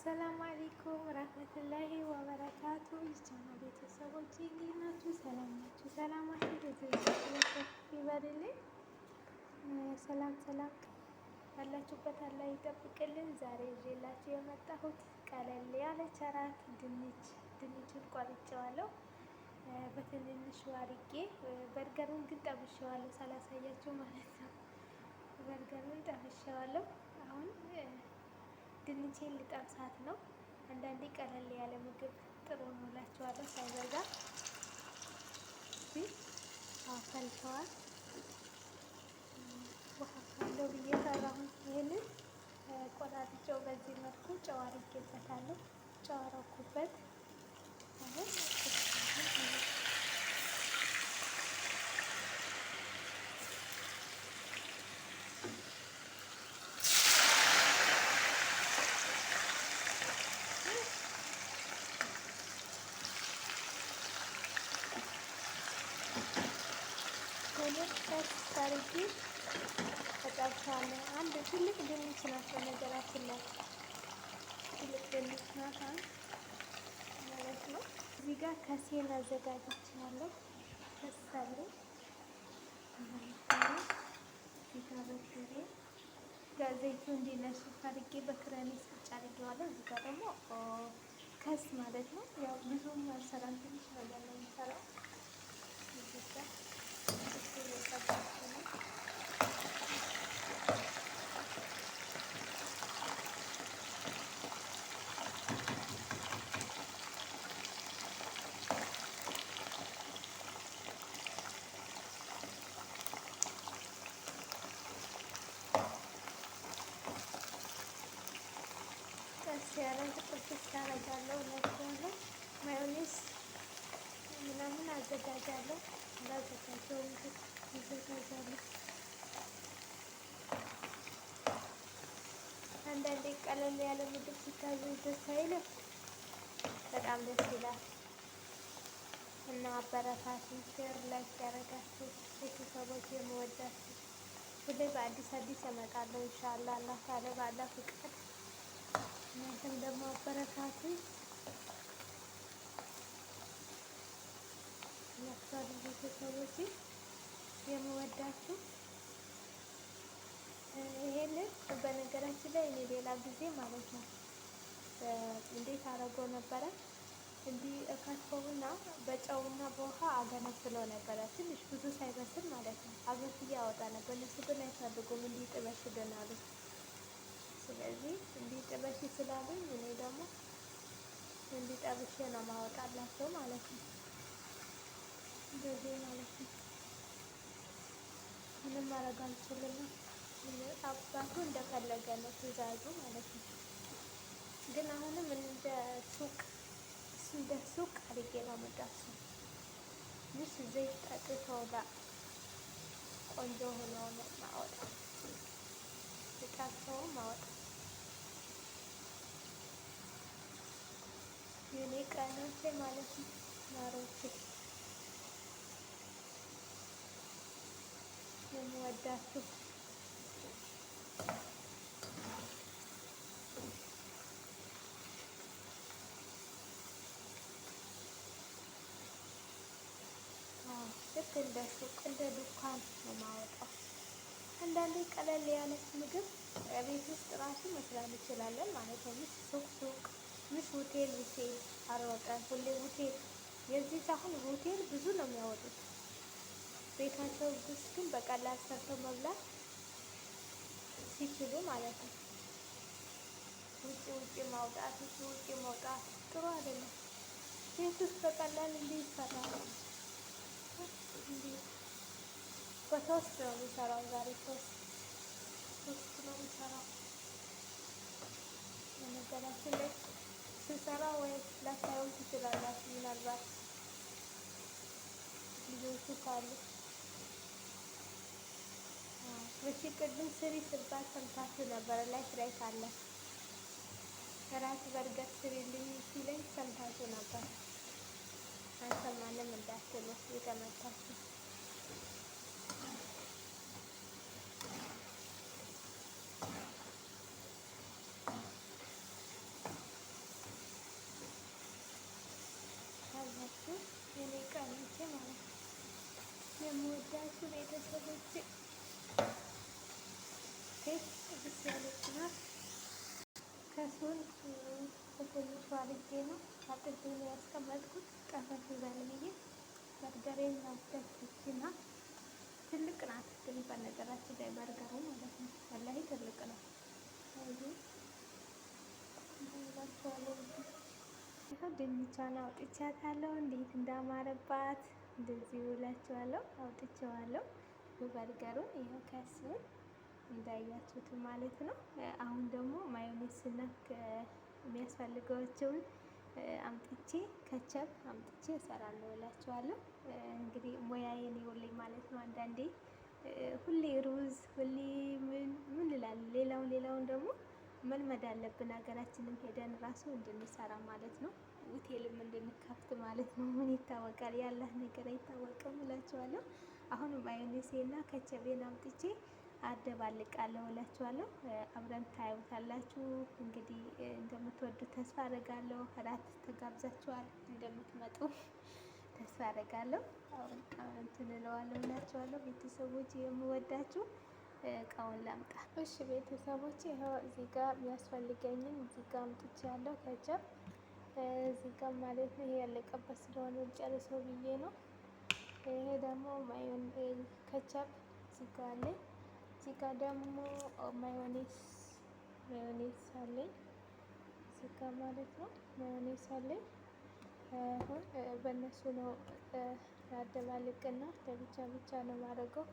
አሰላሙ አሌይኩም ረህመቱላሂ ወበረካቱ። ይቻና ቤተሰቦች እንዴት ናችሁ? ሰላም ናችሁ? ሰላማችሁ ቤተሰቦች ይበልልኝ። ሰላም ሰላም ባላችሁበት አላህ ይጠብቅልን። ዛሬ ይዤላችሁ የመጣሁት ቀለል ያለ ቸራት ድንች ድንችን ቆርጬዋለሁ በትንንሹ አድርጌ። በርገሩን ግን ጠብሼዋለሁ ሳላሳያችሁ ማለት ነው። በርገሩን ጠብሼዋለሁ አሁን ድንቼን ልጠብሳት ነው። አንዳንዴ ቀለል ያለ ምግብ ጥሩ ነው እላችኋለሁ። ሳይበዛ አፈልተዋል ውሃካለው ብዬ ሰራሁን። ይህንን ቆራርጬው በዚህ መልኩ ጨው አድርጌበታለሁ። ጨው አረኩበት አሁን ትልቅ ድንች ናት። በነገራችን ላይ ትልቅ ድንች ናት ማለት ነው። እዚህ ጋር ከሴን አዘጋጅች ያለው ከሳለ እዚህ ጋር በርበሬ ዘይቱ እንዲነሱ አድርጌ በክረሚስ ስጭ አድርጌዋለሁ። እዚህ ጋር ደግሞ ከስ ማለት ነው። ያው ብዙም አልሰራም ሲያረግ ጥብስ ታረጋለሁ ለሆነ ማዮኔዝ ምናምን አዘጋጃለሁ እንዳዘጋጀው ይዘጋጃሉ። አንዳንዴ ቀለል ያለ ምግብ ሲታዘ ደስ አይልም? በጣም ደስ ይላል። እና አበረታቱ፣ ሼር ላይክ ያደረጋችሁ ቤተሰቦች የምወዳችሁ ሁሌ በአዲስ አዲስ እመጣለሁ። ኢንሻአላህ አላህ ካለ ባላ ፍቃድ እናንተም ደግሞ አበረታቱኝ እላችኋለሁ። ቤተሰቦች የምወዳችሁ ይሄንን በነገራችን ላይ እኔ ሌላ ጊዜ ማለት ነው እንዴት አደረገው ነበረ እንዲህ ከትፈውና በጨውና በውሃ አገነፍለው ነበረ። ትንሽ ብዙ ሳይበስል ማለት ነው አገንፍዬ አወጣ ነበር። እነሱ ግን አይፈልጉም እንዲህ ጥበስ ገናሉ ስለዚህ እንዲጥበሽ ስላለኝ እኔ ደግሞ እንዲጠብሼ ነው ማወጣላቸው ማለት ነው። እንደዚህ ማለት ነው። ምንም ማድረግ አልችልም። አባቱ እንደፈለገ ነው ትዕዛዙ ማለት ነው። ግን አሁንም እንደ ሱቅ እንደ ሱቅ አድርጌ ነው የምዳሰው። ምስ ዘይት ጠጥቶ ጋ ቆንጆ ሆኖ ነው ማወጣ እቃቸውም ማወጣ ቀናት ማለት ነው ማሮቼ የምወዳችሁ ልክ እንደ ሱቅ እንደ ዱካን ነው የማወጣው። አንዳንዴ ቀለል ያለች ምግብ ቤት ውስጥ ራሱ መስራት እንችላለን ማለት ነው። ሱቅ ሱቅ ምሽ ሆቴል ብቻ አረወቀ ሁሌ ሆቴል የዚህ አሁን ሆቴል ብዙ ነው የሚያወጡት። ቤታቸው ውስጥ ግን በቀላል ሰርተው መብላት ሲችሉ ማለት ነው። ውጭ ውጭ ማውጣት ውጭ ውጭ ማውጣት ጥሩ አይደለም። ቤት ውስጥ በቀላል እንዲ ይሰራል። እንዲ በሶስት ነው የሚሰራው። ዛሬ ሶስት ሶስት ነው የሚሰራው ነገራችን ላይ ስንሰራ ወይም ላታዩን ትችላላችሁ። ምናልባት ልጆቹ ካሉ እሺ። ቅድም ስሪ ስባል ሰምታችሁ ነበረ። ላይፍ ላይ ካለ ራስ በርገር ስሪልኝ ሲለኝ ሰምታችሁ ነበር። አንሰማንም እንዳትሉ የተመታችሁ మనకు నేను ఇక్కడ నుంచి మనం మేము వద్దాల్సి వేటర్స్లో వచ్చి रसूल पुलिस वाले जेनो आप इस यूनिवर्स का मत कुछ कवर गुजर लिए मत गरे मत तक ना ድንቿን አውጥቻታለሁ። እንዴት እንዳማረባት እንደዚህ ውላችኋለሁ። አውጥቼዋለሁ። በርገሩን ይኸው ከስር እንዳያችሁት ማለት ነው። አሁን ደግሞ ማዮኔስ ማዮኔዝና የሚያስፈልገዋቸውን አምጥቼ ከቸብ አምጥቼ እሰራለሁ እላችኋለሁ። እንግዲህ ሙያዬን ይኸውልኝ ማለት ነው። አንዳንዴ ሁሌ ሩዝ ሁሌ ምን ምን እላለሁ። ሌላውን ሌላውን ደግሞ መልመድ አለብን። ሀገራችንም ሄደን ራሱ እንድንሰራ ማለት ነው። ሆቴልም እንድንከፍት ማለት ነው። ምን ይታወቃል? ያላህ ነገር አይታወቅም እላችኋለሁ። አሁን አሁንም አዮኔሴና ከቸቤን አምጥቼ አደባልቃለሁ እላችኋለሁ። አብረን ታዩታላችሁ። እንግዲህ እንደምትወዱ ተስፋ አደርጋለሁ። እራት ተጋብዛችኋል። እንደምትመጡ ተስፋ አደርጋለሁ። አሁን እንትን እለዋለሁ እላችኋለሁ። ቤተሰቦች የምወዳችሁ እቃውን ላምጣ። እሺ ቤተሰቦች ይኸው እዚህ ጋር የሚያስፈልገኝን እዚህ ጋር አምጥቼ ያለው ከጀብ እዚህ ጋር ማለት ነው። ይሄ ያለቀበት ስለሆነ ጨርሰው ብዬ ነው። ይሄ ደግሞ ማዮን ከቻፕ እዚህ ጋር አለ። እዚህ ጋር ደግሞ ማዮኔዝ ማዮኔስ አለኝ እዚህ ጋር ማለት ነው። ማዮኔዝ አለኝ። አሁን በእነሱ ነው ያደባልቅና ለብቻ ብቻ ነው ማድረገው።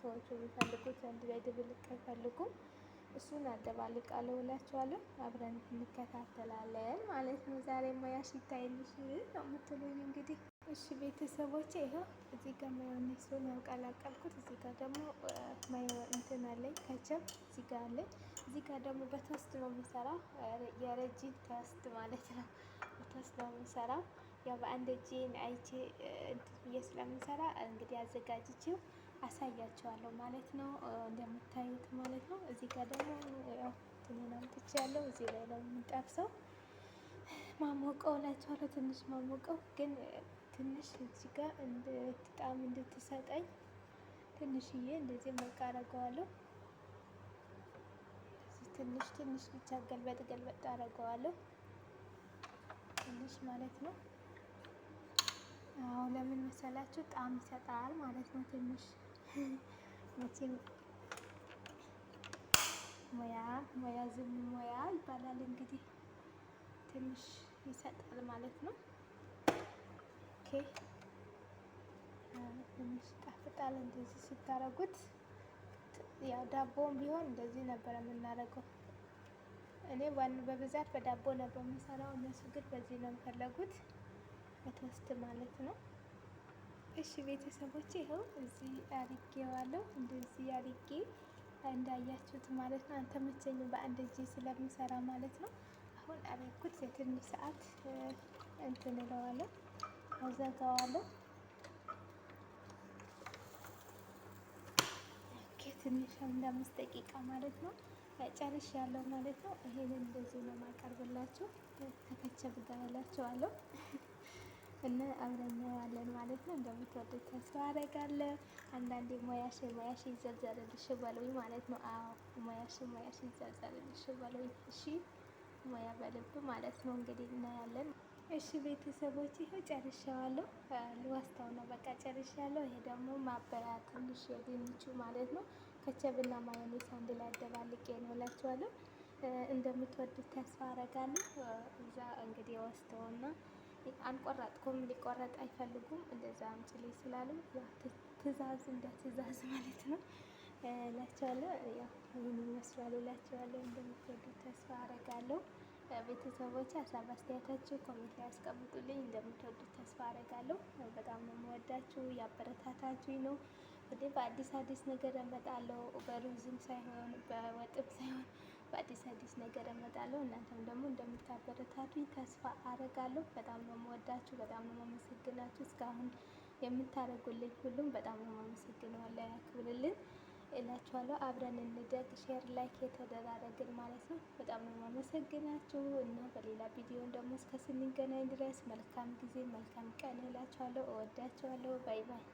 ሰዎቹ የሚፈልጉት አንድ ላይ ድብልቅ አይፈልጉም። እሱን አደባልቃለሁ እላችኋለሁ። አብረን እንከታተላለን ማለት ነው። ዛሬ ሙያ ሲታይልሽ ነው የምትሉኝ እንግዲህ እሺ ቤተሰቦቼ ይኸው እዚህ ጋር ማዮኔሱን ያቀላቀልኩት እዚህ ጋር ደግሞ ማዮ እንትን አለኝ ከቸብ እዚህ ጋር አለኝ። እዚህ ጋር ደግሞ በተስት ነው የምሰራው የረጅም ተስት ማለት ነው። በተስት ነው የምሰራው ያው በአንድ እጄን አይቼ እንትን ብዬ ስለምሰራ እንግዲህ አዘጋጅችው አሳያቸዋለሁ ማለት ነው። እንደምታዩት ማለት ነው። እዚህ ጋር ደግሞ ያው ትንሽ ያለው እዚህ ላይ ነው የምንጠብሰው። ማሞቀው እላቸዋለሁ። ትንሽ ማሞቀው ግን ትንሽ እዚህ ጋር ጣም እንድትሰጠኝ ትንሽዬ እንደዚህ መቃረገዋለሁ። ትንሽ ትንሽ ብቻ ገልበጥ ገልበጥ አረገዋለሁ። ትንሽ ማለት ነው። አዎ ለምን መሰላችሁ? ጣም ይሰጣል ማለት ነው ትንሽ መቼም ሙያ ሙያ ዝም ሙያ ይባላል እንግዲህ ትንሽ ይሰጣል ማለት ነው። ኦኬ ትንሽ ይጣፍጣል እንደዚህ ስታረጉት። ያው ዳቦውን ቢሆን እንደዚህ ነበር የምናደርገው። እኔ በብዛት በዳቦ ነበር የምሰራው፣ እነሱ ግን በዚህ ነው የፈለጉት በትወስት ማለት ነው። እሺ ቤተሰቦች ይኸው እዚህ አድርጌዋለሁ። እንደዚህ አድርጌ እንዳያችሁት ማለት ነው። አልተመቸኝ በአንድ እጄ ስለምሰራ ማለት ነው። አሁን አረኩት የትንሽ ሰዓት እንትን እለዋለሁ፣ አዘጋዋለሁ። ትንሽ አንድ አምስት ደቂቃ ማለት ነው ጨርሽ ያለው ማለት ነው። ይሄንን እንደዚህ ነው የማቀርብላችሁ ተከቸብ ጋር ያላችኋለሁ። እና አብረኛ ያለን ማለት ነው። እንደምትወዱት ተስፋ አደርጋለሁ። አንዳንዴ ሙያሽ ሙያሽ ይዘልዘልልሽ በሉኝ ማለት ነው። አዎ ሙያሽ ሙያሽ ይዘልዘልልሽ በሉኝ። እሺ ሙያ በልብ ማለት ነው። እንግዲህ እናያለን። እሺ ቤተሰቦች ይኸው ጨርሻዋለሁ። ልወስደው ነው በቃ ጨርሻለሁ። ይሄ ደግሞ ማበያ ትንሽ የድንቹ ማለት ነው። ከቸብና ማዮኔዝ አንድ ላይ አደባልቄ ነው እላችኋለሁ። እንደምትወዱት ተስፋ አደርጋለሁ። እዛ እንግዲህ ወስደውና አንቆራጥኩም ሊቆረጥ አይፈልጉም። እንደዛ አምጪልኝ ስላሉ ትእዛዝ እንደ ትእዛዝ ማለት ነው እላቸዋለሁ። ይህን ይመስላሉ ይመስላል እላቸዋለሁ። እንደምትወዱት ተስፋ አረጋለሁ። ቤተሰቦች ሀሳብ አስተያየታችሁ ኮሜንት ላይ ያስቀምጡልኝ። እንደምትወዱት ተስፋ አረጋለሁ። በጣም ነው የምወዳችሁ፣ ያበረታታችሁኝ ነው። ወደ በአዲስ አዲስ ነገር እመጣለሁ። በሩዝም ሳይሆን በወጥም ሳይሆን በአዲስ አዲስ ነገር እመጣለሁ። እናንተም ደግሞ እንደምታበረታቱኝ ተስፋ አረጋለሁ። በጣም ነው የምወዳችሁ፣ በጣም ነው የማመሰግናችሁ። እስካሁን የምታደርጉልኝ ሁሉም በጣም ነው የማመሰግነው። አላህ ያክብርልን እላችኋለሁ። አብረን እንደግ፣ ሼር፣ ላይክ የተደራረግን ማለት ነው። በጣም ነው የማመሰግናችሁ እና በሌላ ቪዲዮን ደግሞ እስከ ስንገናኝ ድረስ መልካም ጊዜ፣ መልካም ቀን እላችኋለሁ። እወዳችኋለሁ። ባይ ባይ።